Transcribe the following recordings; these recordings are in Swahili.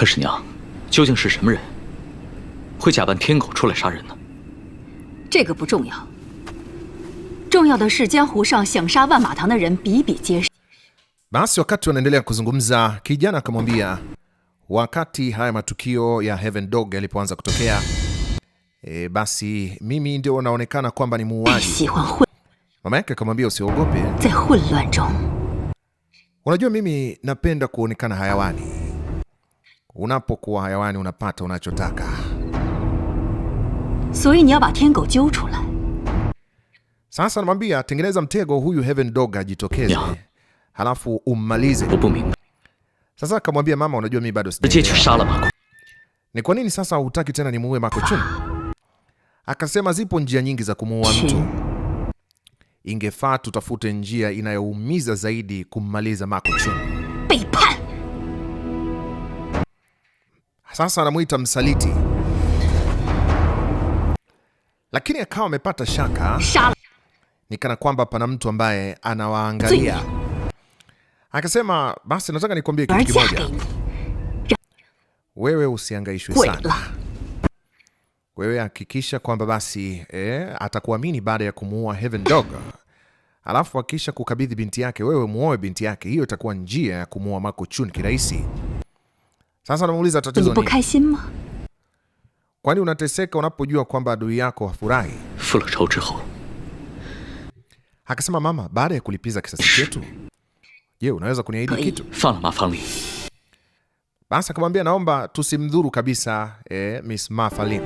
可是娘，究竟是什么人，会假扮天狗出来杀人呢？这个不重要，重要的是江湖上想杀万马堂的人比比皆是。Basi wakati wanaendelea kuzungumza, kijana akamwambia wakati haya matukio ya Heaven Dog yalipoanza kutokea, e, basi mimi ndio naonekana kwamba ni muuaji. Mama yake akamwambia usiogope, unajua mimi napenda kuonekana hayawani Unapokuwa hayawani unapata unachotaka. Sasa namwambia tengeneza mtego huyu Heaven Dog ajitokeze, halafu ummalize. Sasa akamwambia mama, unajua mimi bado Ni kwa nini sasa hutaki tena nimuue Mako Chun? Akasema zipo njia nyingi za kumuua mtu, ingefaa tutafute njia inayoumiza zaidi kummaliza Mako Chun. Sasa anamwita msaliti, lakini akawa amepata shaka, ni kana kwamba pana mtu ambaye anawaangalia. Akasema, basi nataka nikwambie kitu kimoja, wewe usiangaishwe sana wewe hakikisha kwamba basi eh, atakuamini baada ya kumuua Heaven Dog, alafu akisha kukabidhi binti yake, wewe muoe binti yake. Hiyo itakuwa njia ya kumuua Ma Kongqun kirahisi. Sasa namuuliza tatizo nini? Kwani unateseka unapojua kwamba adui yako hafurahi? Akasema, mama, baada ya kulipiza kisasi chetu, je, unaweza kuniahidi kitu? Basi akamwambia, naomba tusimdhuru kabisa eh, Miss Ma Fangling.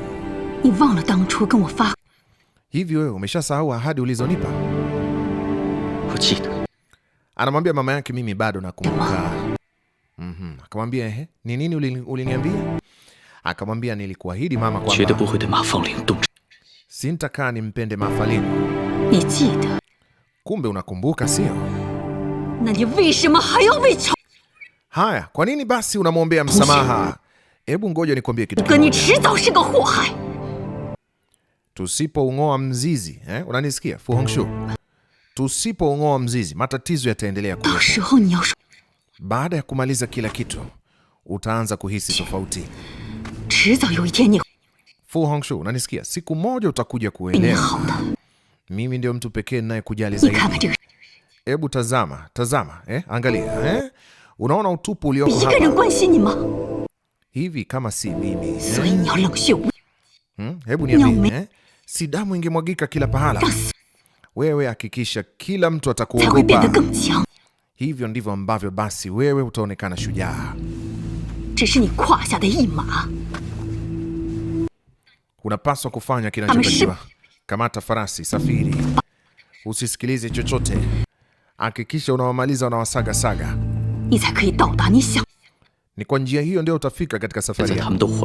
Hivi wewe umeshasahau ahadi ulizonipa? Anamwambia mama yake, mimi bado nakumbuka Mm-hmm. Akamwambia ehe, ni nini uliniambia? Akamwambia nilikuahidi mama kwamba sintakaa nimpende Ma Fangling. Kumbe unakumbuka sio? Haya, kwa nini basi unamwombea msamaha? Hebu ngoja nikwambie kitu. Tusipoung'oa mzizi, eh? Unanisikia Fu Hongxue? Tusipoung'oa mzizi, matatizo yataendelea kuwepo. Baada ya kumaliza kila kitu, utaanza kuhisi tofauti. Fu Hongxue, unanisikia? Siku moja utakuja kuelewa. Mimi ndio mtu pekee kujali zaidi. Hebu tazama, tazama, eh, angalia, eh? Unaona utupu ulioko hapa. Hivi kama si mimi. Eh? Hmm, hebu niambie, eh? Si damu ingemwagika kila pahala. Wewe hakikisha kila mtu atakuogopa hivyo ndivyo ambavyo basi wewe utaonekana shujaa. Unapaswa kufanya kinachotakiwa. Kamata farasi, safiri, usisikilize chochote, hakikisha unawamaliza saga. Ni kwa njia hiyo ndio utafika katika safari yako.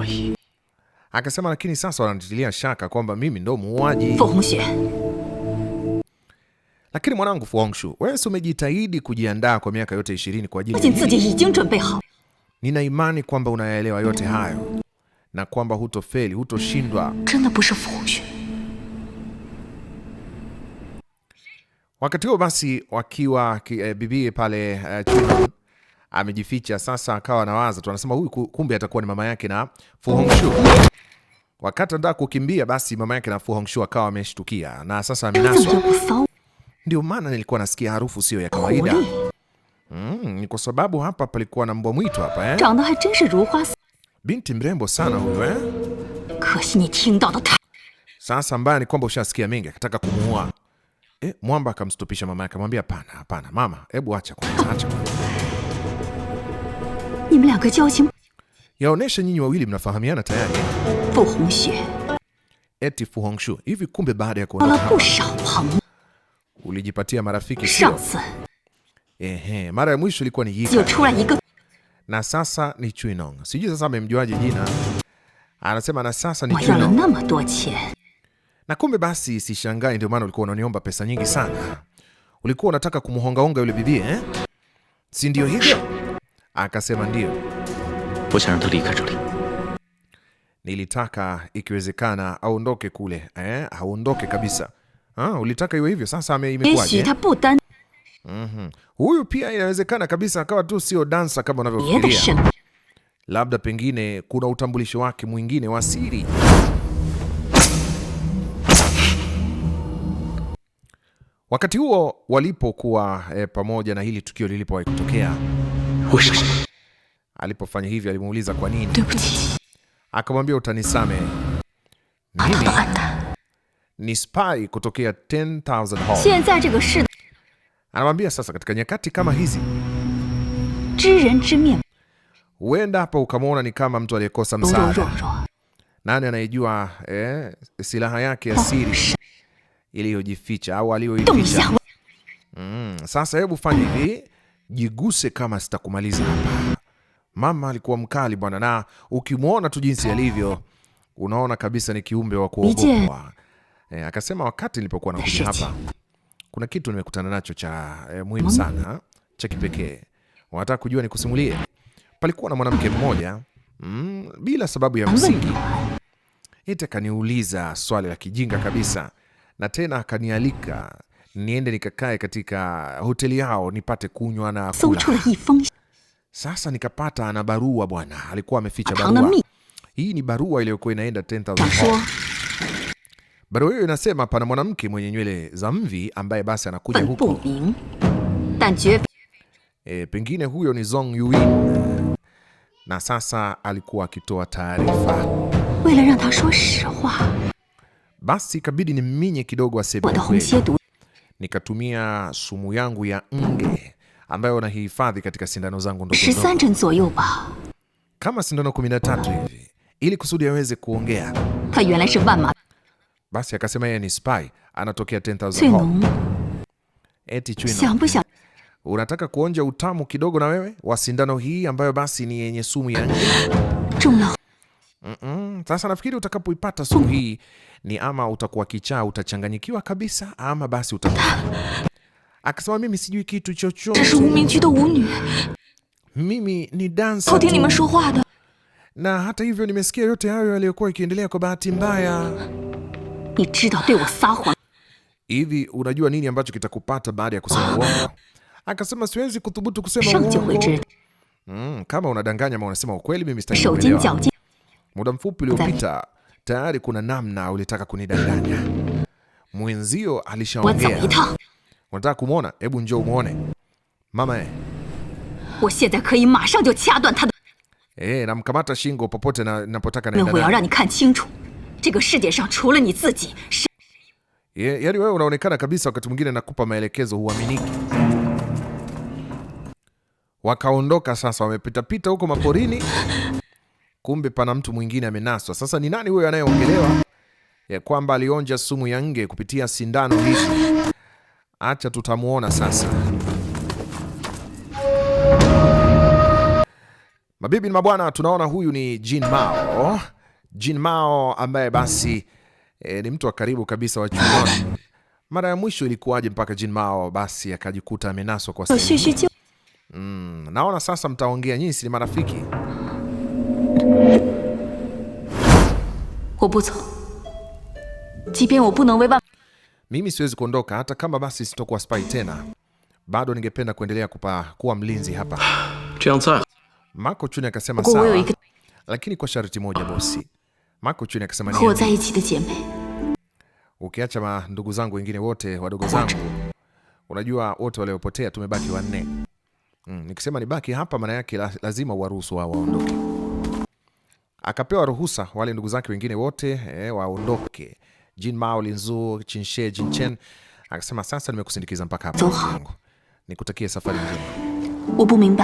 Akasema, lakini sasa wanatitilia shaka kwamba mimi ndo muuaji. Lakini mwanangu Fu Hongxue, wewe si umejitahidi kujiandaa kwa miaka yote ishirini kwa ajili. Nina imani kwamba unayaelewa yote hayo na kwamba hutofeli, hutoshindwa. Wakati huo basi, wakiwa eh, bibie pale eh, amejificha sasa, akawa anawaza tu, anasema huyu kumbe atakuwa ni mama yake na Fu Hongxue. Wakati anataka kukimbia, basi mama yake na Fu Hongxue akawa ameshtukia na sasa amenaswa ndio maana nilikuwa nasikia harufu sio ya kawaida. Oh, mm, ni kwa sababu hapa palikuwa na mbwa mwitu hapa eh. Binti mrembo sana huyo eh. Sasa mbaya ni kwamba ushasikia mengi, akataka kumuua. Eh, mwamba akamstupisha mama yake, akamwambia hapana, hapana mama, hebu acha kwanza, acha kwanza. Yaonesha nyinyi wawili mnafahamiana tayari. Eh? Eti Fu Hongxue. Hivi kumbe baada ya kuona Ulijipatia marafiki sio? Ehe, mara ya mwisho ilikuwa ni Yika. Na sasa ni Chuinong. Sijui sasa amemjuaje jina. Anasema na sasa ni Chuinong. Na kumbe basi sishangai ndio maana ulikuwa unaniomba pesa nyingi sana. Ulikuwa unataka honga yule bibi eh? Si ndio hivyo? Akasema ndio. Nilitaka ikiwezekana aondoke kule, eh? Aondoke kabisa. Ah, ulitaka iwe hivyo. Sasa imekuwaje? Mm-hmm. Huyu pia inawezekana kabisa akawa tu sio dansa kama unavyofikiria. Labda pengine kuna utambulisho wake mwingine wa siri. Wakati huo walipokuwa eh, pamoja na hili tukio lilipowahi kutokea, alipofanya hivyo alimuuliza kwa nini, akamwambia utanisame mimi ni spy kutokea 10000 Hall. Anamwambia sasa, katika nyakati kama hizi huenda hapa ukamwona ni kama mtu aliyekosa msaada. Nani anayejua eh, silaha yake ya oh, siri iliyojificha au aliyoificha? Mm, sasa hebu fanya hivi, jiguse kama sitakumaliza hapa. Mama alikuwa mkali bwana, na ukimwona tu jinsi alivyo, unaona kabisa ni kiumbe wa kuogopwa. E, akasema wakati nilipokuwa nakuja hapa kuna kitu nimekutana nacho cha e, muhimu sana cha kipekee. Wanataka kujua nikusimulie. Palikuwa na mwanamke mmoja mm, bila sababu ya msingi eti akaniuliza swali la kijinga kabisa, na tena akanialika niende nikakae katika hoteli yao nipate kunywa na kula. Sasa nikapata na barua bwana, alikuwa ameficha barua. Hii ni barua iliyokuwa inaenda 10000 Barua hiyo inasema pana mwanamke mwenye nywele za mvi ambaye basi anakuja huko. E, pengine huyo ni Zong Yuin. Na sasa alikuwa akitoa taarifa. Basi ikabidi ni nimminye kidogo aseme kweli. Nikatumia sumu yangu ya nge ambayo nahifadhi katika sindano zangu ndogo. Kama sindano 13 hivi ili kusudi aweze kuongea. Basi akasema yeye ni spy, anatokea 10000 Hall. Eti Chwino, unataka kuonja utamu kidogo na wewe wa sindano hii ambayo basi ni yenye sumu ya nje. Mm -mm. Sasa nafikiri utakapoipata sumu hii ni ama utakuwa kichaa, utachanganyikiwa kabisa, ama basi utakufa. Akasema mimi sijui kitu chochote, mimi ni dansa tu, na hata hivyo nimesikia yote hayo yaliyokuwa ikiendelea kwa bahati mbaya. Mm-hmm. Hivi unajua nini ambacho kitakupata baada ya kusema uongo? Akasema siwezi kuthubutu kusema uongo. Mm, kama unadanganya ama unasema ukweli mimi sitaelewa. Muda mfupi uliopita tayari kuna namna ulitaka kunidanganya. Mwenzio alishaongea. Unataka kumuona? Hebu njoo muone. Mama. Eh, namkamata shingo popote na napotaka naenda. Yeah, wewe unaonekana kabisa wakati mwingine nakupa maelekezo huaminiki. Wakaondoka sasa, wamepitapita huko maporini, kumbe pana mtu mwingine amenaswa. Sasa ni nani huyo anayeongelewa ya kwamba alionja sumu ya nge kupitia sindano hizi? Acha tutamuona sasa. Mabibi na mabwana, tunaona huyu ni Jin Mao Jin Mao ambaye basi e, ni mtu wa karibu kabisa wa chuoni. Mara ya mwisho ilikuwaje mpaka Jin Mao basi akajikuta amenaswa kwa sasa? Mm, naona sasa mtaongea nyinyi si marafiki. Mimi siwezi kuondoka hata kama basi sitokuwa spy tena. Bado ningependa kuendelea kupa, kuwa mlinzi hapa. Mako Chuni akasema sawa. Lakini kwa sharti moja bosi. Mako chini akasema ukiacha ma ndugu zangu wengine wote wadogo zangu, unajua wote waliopotea tumebaki wanne. Mm, nikisema nibaki hapa maana yake lazima uwaruhusu wao waondoke. Akapewa ruhusa wale ndugu zake wengine wote eh, waondoke. Jin Mao, Linzu, Jin She, Jin Chen akasema sasa nimekusindikiza mpaka hapa. Nikutakie safari njema.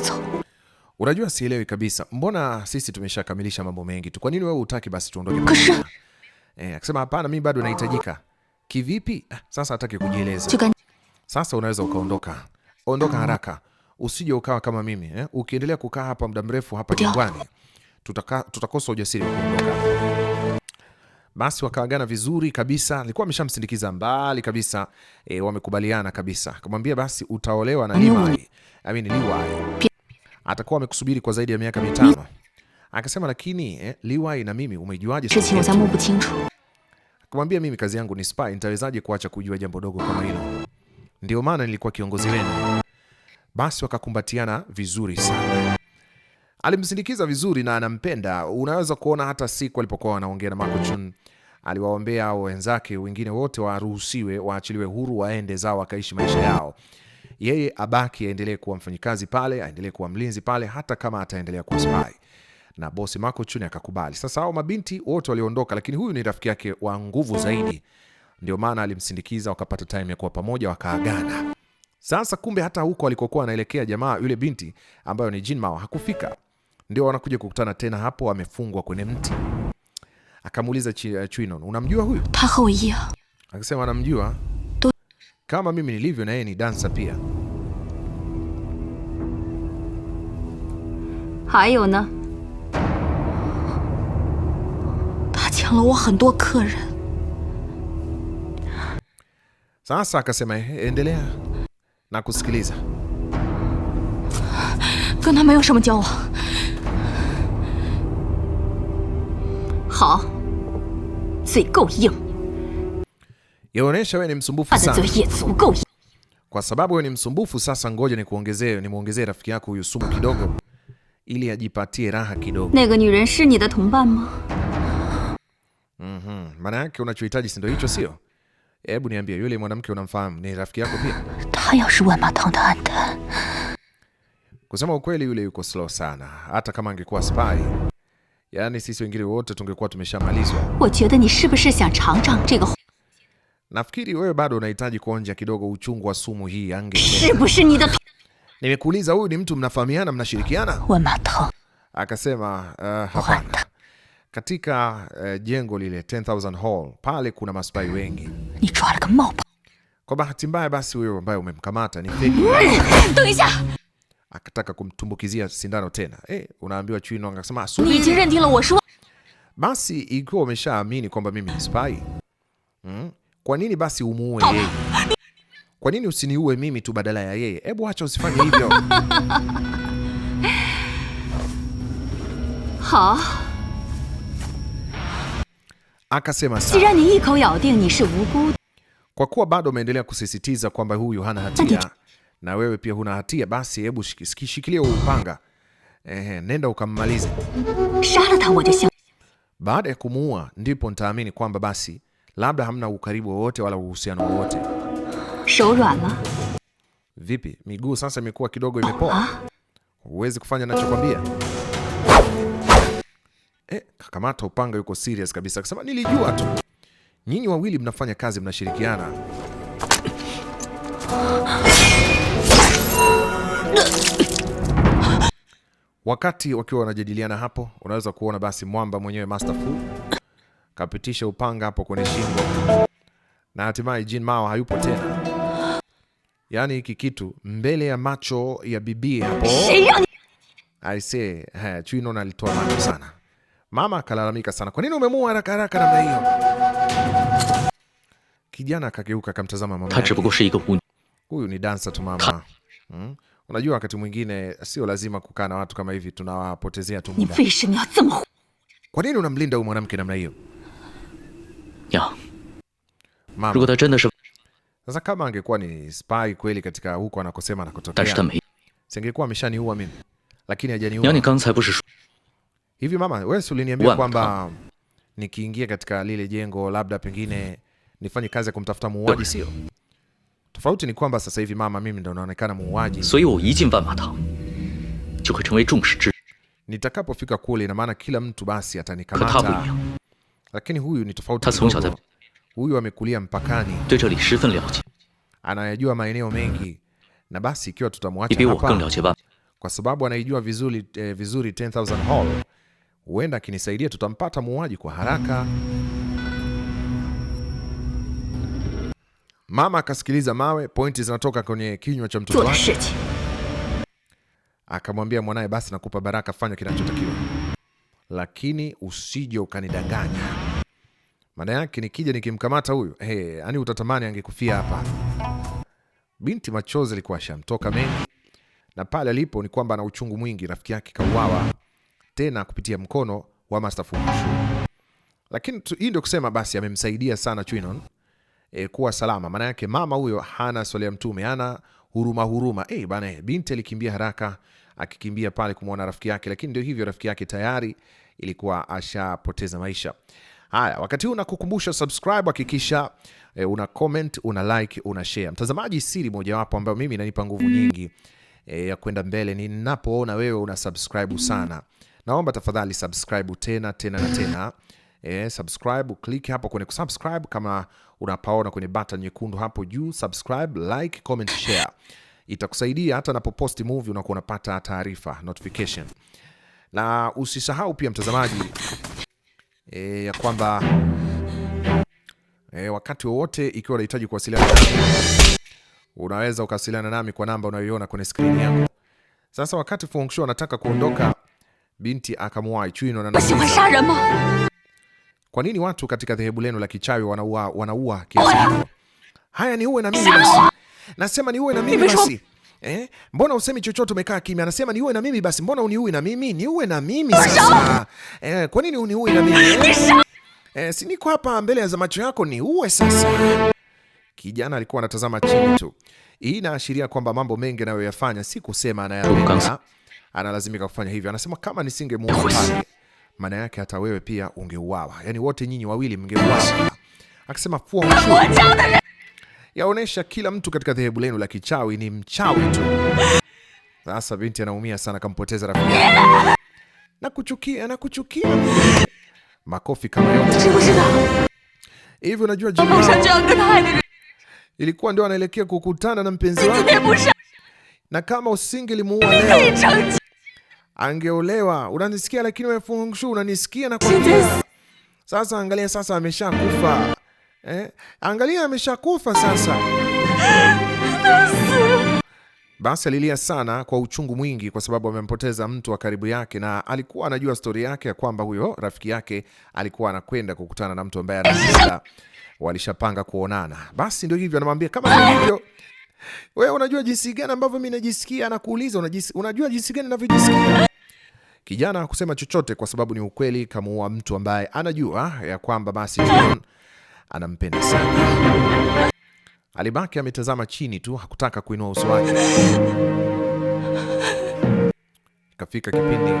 zou? Unajua sielewi kabisa, mbona sisi tumeshakamilisha mambo mengi tu, kwa nini wewe hutaki basi tuondoke? Eh, akisema hapana, mimi bado nahitajika. Kivipi? Ah, sasa hataki kujieleza. Sasa unaweza ukaondoka, ondoka mm. haraka, usije ukawa kama mimi eh. Ukiendelea kukaa hapa muda mrefu hapa jangwani, tutakosa ujasiri kuondoka. Basi wakaagana vizuri kabisa, alikuwa ameshamsindikiza mbali kabisa. E, wamekubaliana kabisa, akamwambia basi utaolewa na mm. Liwai, I mean Liwai atakuwa amekusubiri kwa zaidi ya miaka mitano. Akasema lakini eh, Liwai na mimi umejuaje? Akamwambia mimi kazi yangu ni spy, nitawezaje kuacha kujua jambo dogo kama hilo? Ndio maana nilikuwa kiongozi wenu. Basi wakakumbatiana vizuri sana. Alimsindikiza vizuri na anampenda. Unaweza kuona hata siku alipokuwa wanaongea na Ma Kongqun aliwaombea wenzake wengine wote waruhusiwe, waachiliwe huru, waende zao wakaishi maisha yao yeye abaki, aendelee kuwa mfanyikazi pale, aendelee kuwa mlinzi pale, hata kama ataendelea kuwa spy. Na bosi Marco Jr akakubali. Sasa hao mabinti wote waliondoka, lakini huyu ni rafiki yake wa nguvu zaidi, ndio maana alimsindikiza, wakapata time ya kuwa pamoja, wakaagana. Sasa kumbe hata huko alikokuwa anaelekea jamaa yule binti ambayo ni Jin Mao hakufika, ndio wanakuja kukutana tena hapo, amefungwa kwenye mti. Akamuuliza eh, Chuinon, unamjua huyu? Akasema anamjua 卡玛米尼利维涅尼，丹萨皮亚。还有呢？他抢了我很多客人。啥事啊？卡西梅，印度利亚，拿克斯·克丽莎。跟他没有什么交往。好，嘴够硬。yaonyesha wewe ni msumbufu sana. Kwa sababu wewe ni msumbufu sasa, ngoja ni kuongezee ni muongezee rafiki yako huyu sumu kidogo ili ajipatie raha kidogo. Mhm, maana yake unachohitaji si ndio hicho, sio? Hebu niambie, yule mwanamke unamfahamu, ni rafiki yako pia? Kusema ukweli, yule yuko slow sana. Hata kama angekuwa spy, yaani sisi wengine wote tungekuwa tumeshamalizwa. Nafikiri wewe bado unahitaji kuonja kidogo uchungu wa sumu hii. Ange, nimekuuliza huyu ni mtu mnafahamiana, mnashirikiana? Akasema uh, hapana. Katika uh, jengo lile 10000 hall pale kuna maspai wengi. Kwa bahati mbaya basi huyo ambaye umemkamata ni Akataka kumtumbukizia sindano tena. Eh, unaambiwa Chino akasema ah, basi, ikiwa umeshaamini kwamba mimi ni spy. Mm. Kwa nini basi umuue oh. yeye? Kwa nini usiniue mimi tu badala ya yeye? Hebu acha, usifanye hivyo. Akasema sawa. Kwa kuwa bado umeendelea kusisitiza kwamba huyu hana hatia na wewe pia huna hatia, basi hebu shikilia upanga. Ehe, nenda ukammalize. Baada ya kumuua ndipo nitaamini kwamba basi labda hamna ukaribu wowote wala uhusiano wowote. Vipi, miguu sasa imekuwa kidogo imepoa? Ah. Huwezi kufanya ninachokwambia. Eh, kakamata upanga yuko serious kabisa. Akasema nilijua tu. Nyinyi wawili mnafanya kazi, mnashirikiana. Wakati wakiwa wanajadiliana hapo, unaweza kuona basi mwamba mwenyewe Master Fu kapitisha upanga hapo kwenye shingo, na hatimaye Jin Mao hayupo tena, Yani hiki kitu mbele ya macho ya bibi hapo. I say, haya Chino alitoa macho sana. Mama akalalamika sana, kwa nini umemua haraka haraka namna hiyo? Kijana akageuka akamtazama mama. Huyu ni dansa tu mama. Hmm? Unajua wakati mwingine sio lazima kukaa na watu kama hivi, tunawapotezea tu muda. Kwa nini unamlinda huyu mwanamke namna hiyo? Mama. 如果他真的是 Sasa kama angekuwa ni spy kweli katika huko anakosema na anakotokea, singekuwa ameshaniua mimi, lakini hajaniua. Yaani hivi mama, wewe uliniambia kwamba ah. nikiingia katika lile jengo labda pengine nifanye kazi ya kumtafuta muuaji, sio? Tofauti ni kwamba sasa hivi mama, mimi ndo naonekana muuaji. Nitakapofika kule, ina maana kila mtu basi atanikamata, lakini huyu ni tofauti. Huyu amekulia mpakani, anayajua maeneo mengi, na basi ikiwa tutamwacha hapa kwa sababu anaijua vizuri, eh, vizuri 10000 Hall, huenda akinisaidia tutampata muuaji kwa haraka. Mama akasikiliza mawe, pointi zinatoka kwenye kinywa cha mtoto wake, akamwambia mwanaye, basi nakupa baraka, fanya kinachotakiwa, lakini usije ukanidanganya. Maana yake nikija nikimkamata huyu hey, eh, yani utatamani angekufia hapa. Binti machozi alikuwa ashamtoka mengi, na pale alipo ni kwamba ana uchungu mwingi, rafiki yake kauawa tena kupitia mkono wa Master Fu Manchu. Lakini hii ndio kusema basi amemsaidia sana Chuinon e, kuwa salama. Maana yake mama huyo hana swali ya mtume, hana huruma huruma. Eh, bana, eh, binti alikimbia haraka akikimbia pale kumwona rafiki yake, lakini ndio hivyo, rafiki yake tayari ilikuwa ashapoteza maisha. Haya, wakati huu nakukumbusha subscribe, hakikisha e, una comment, una like, una share. Mtazamaji, siri mojawapo ambayo mimi inanipa nguvu nyingi e, ya kwenda mbele ni ninapoona wewe una subscribe sana, naomba tafadhali subscribe tena tena na tena e, subscribe, click hapo kwenye kusubscribe kama unapaona kwenye button nyekundu hapo juu, subscribe, like, comment, share itakusaidia hata napopost movie unakuwa unapata taarifa notification, na usisahau pia mtazamaji e, ya kwamba e, wakati wowote ikiwa unahitaji kuwasiliana unaweza ukawasiliana nami kwa namba unayoiona kwenye skrini yako. Sasa wakati Fu Hongxue anataka kuondoka, binti akamwahi Chuino na kwa nini watu katika dhehebu lenu la kichawi wanaua wanaua kiasi? Haya, uwe na mimi basi. Nasema uwe na mimi basi. Eh? Mbona usemi chochote umekaa kimya? Anasema niue na mimi basi, mbona uniui na mimi? Niue na mimi sasa. Eh, kwa nini uniui na mimi? Eh? eh, si niko hapa mbele ya macho yako niue sasa. Kijana alikuwa anatazama chini tu. Hii inaashiria kwamba mambo mengi anayoyafanya si kusema anayapenda. Analazimika kufanya hivyo. Anasema kama nisingemuua pale, maana yake hata wewe pia ungeuawa. Yaani wote nyinyi wawili mngeuawa. Akisema fua mshuka yaonesha kila mtu katika dhehebu lenu la kichawi ni mchawi tu. Sasa binti anaumia sana, kampoteza rafiki. na kuchukia na kuchukia Makofi kama yote hivi. Unajua ilikuwa ndio anaelekea kukutana na mpenzi wake, na kama usingelimuua leo angeolewa. Unanisikia? Lakini wewe Fu Hongxue unanisikia? Na kwa sasa, angalia sasa, ameshakufa. Eh, angalia ameshakufa sasa. Basi alilia sana kwa uchungu mwingi, kwa sababu amempoteza mtu wa karibu yake, na alikuwa anajua stori yake ya kwamba huyo rafiki yake alikuwa anakwenda kukutana na mtu ambaye anasema walishapanga kuonana. Basi ndio hivyo, anamwambia kama hivyo wewe unajua jinsi gani ambavyo mimi najisikia, anakuuliza unajisi, unajua jinsi gani ninavyojisikia. Kijana hakusema chochote kwa sababu ni ukweli, kamuua mtu ambaye anajua ya kwamba basi John anampenda sana. Alibaki ametazama chini tu, hakutaka kuinua uso wake. Ikafika kipindi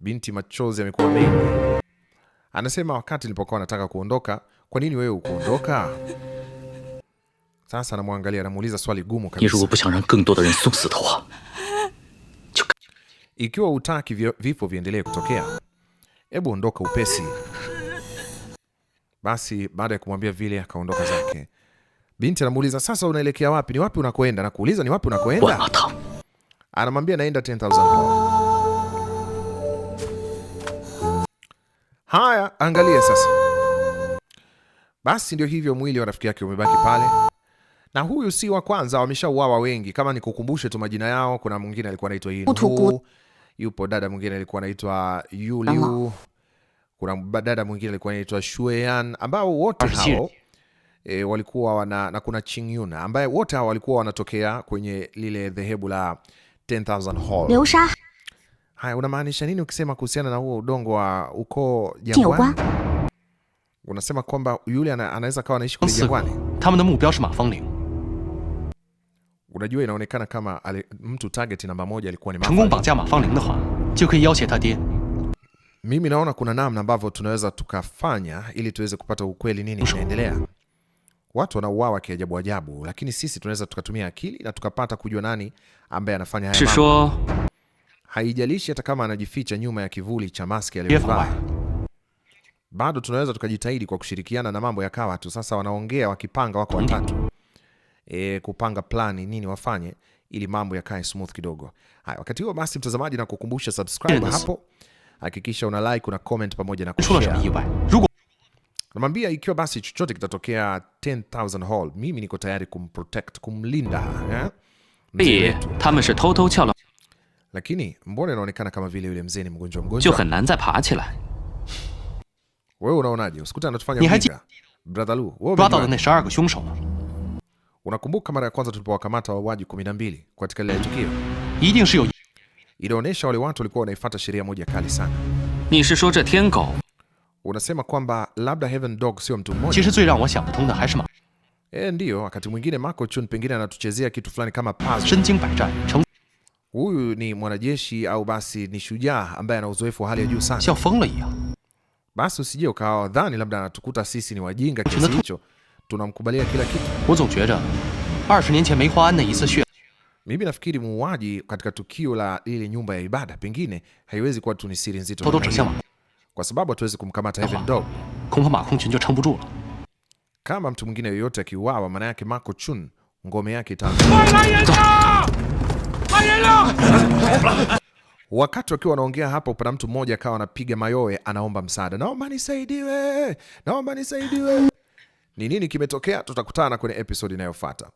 binti machozi amekuwa mengi, anasema wakati nilipokuwa nataka kuondoka, kwa nini wewe ukuondoka? Sasa anamwangalia, anamuuliza swali gumu kabisa. Ikiwa utaki vifo viendelee kutokea, hebu ondoka upesi. Basi baada ya kumwambia vile akaondoka zake. Binti anamuuliza sasa, unaelekea wapi? Ni wapi unakoenda? Nakuuliza ni wapi unakoenda. Anamwambia naenda 10000. Haya, angalia sasa. Basi ndio hivyo, mwili wa rafiki yake umebaki pale, na huyu si wa kwanza, wameshauawa wengi. Kama nikukumbushe tu majina yao, kuna mwingine alikuwa anaitwa Yin, yupo dada mwingine alikuwa anaitwa Yuliu kuna dada mwingine alikuwa anaitwa Shueyan ambao wote ah, hao e, walikuwa wana, na kuna Chingyuna ambaye wote hao walikuwa wanatokea kwenye lile dhehebu la 10000 Hall. Liusha. Haya, unamaanisha nini ukisema kuhusiana na huo udongo wa uko jangwani? Unasema kwamba yule ana, anaweza kawa anaishi kwenye jangwani. Unajua inaonekana kama ali, mtu target namba moja alikuwa ni Ma Fangling mimi naona kuna namna ambavyo tunaweza tukafanya ili tuweze kupata ukweli nini inaendelea. Watu wanauawa kiajabu ajabu, lakini sisi tunaweza tukatumia akili na tukapata kujua nani ambaye anafanya haya mambo. Haijalishi hata kama anajificha nyuma ya kivuli cha maski aliyovaa, bado tunaweza tukajitahidi kwa kushirikiana na mambo yakawa tu. Sasa wanaongea wakipanga, wako watatu e, kupanga plani nini wafanye ili mambo yakae smooth kidogo. Haya, wakati huo basi, mtazamaji, na kukumbusha subscribe hapo hakikisha una like, una comment pamoja na kushare. Namwambia ikiwa basi chochote kitatokea 10000 Hall, mimi niko tayari kumprotect, kumlinda eh? Lakini mbona inaonekana kama vile yule mzee ni mgonjwa mgonjwa. Wewe unaonaje? Usikuta anatufanya brother Lu. wewe brother shungsho. Unakumbuka mara ya kwanza tulipowakamata wauaji 12 katika ile tukio? inaonyesha wale watu walikuwa wanaifuata sheria moja kali sana. Ni shi shuo zhe tian gou, Unasema kwamba labda Heaven Dog sio mtu mmoja. zui rang xiang tong de hai shi ma Eh, ndio, wakati mwingine Ma Kongqun pengine anatuchezea kitu fulani kama puzzle. Shen jing bai zhan. Huyu ni mwanajeshi au basi ni shujaa ambaye ana uzoefu wa hali ya juu sana. Basi usije ukawa dhani labda anatukuta sisi ni wajinga kiasi hicho. Tunamkubalia kila kitu. 20 mimi nafikiri muuaji katika tukio la ile nyumba ya ibada pengine haiwezi kuwa tu ni siri nzito, kwa sababu hatuwezi kumkamata Heaven Dog. Kama mtu mwingine yoyote akiuawa, maana yake Ma Kongqun ngome yake itaanguka. Wakati wakiwa wanaongea hapo, pana mtu mmoja akawa anapiga mayowe, anaomba msaada, naomba nisaidiwe, naomba nisaidiwe. Ni nini kimetokea? Tutakutana kwenye episode inayofuata.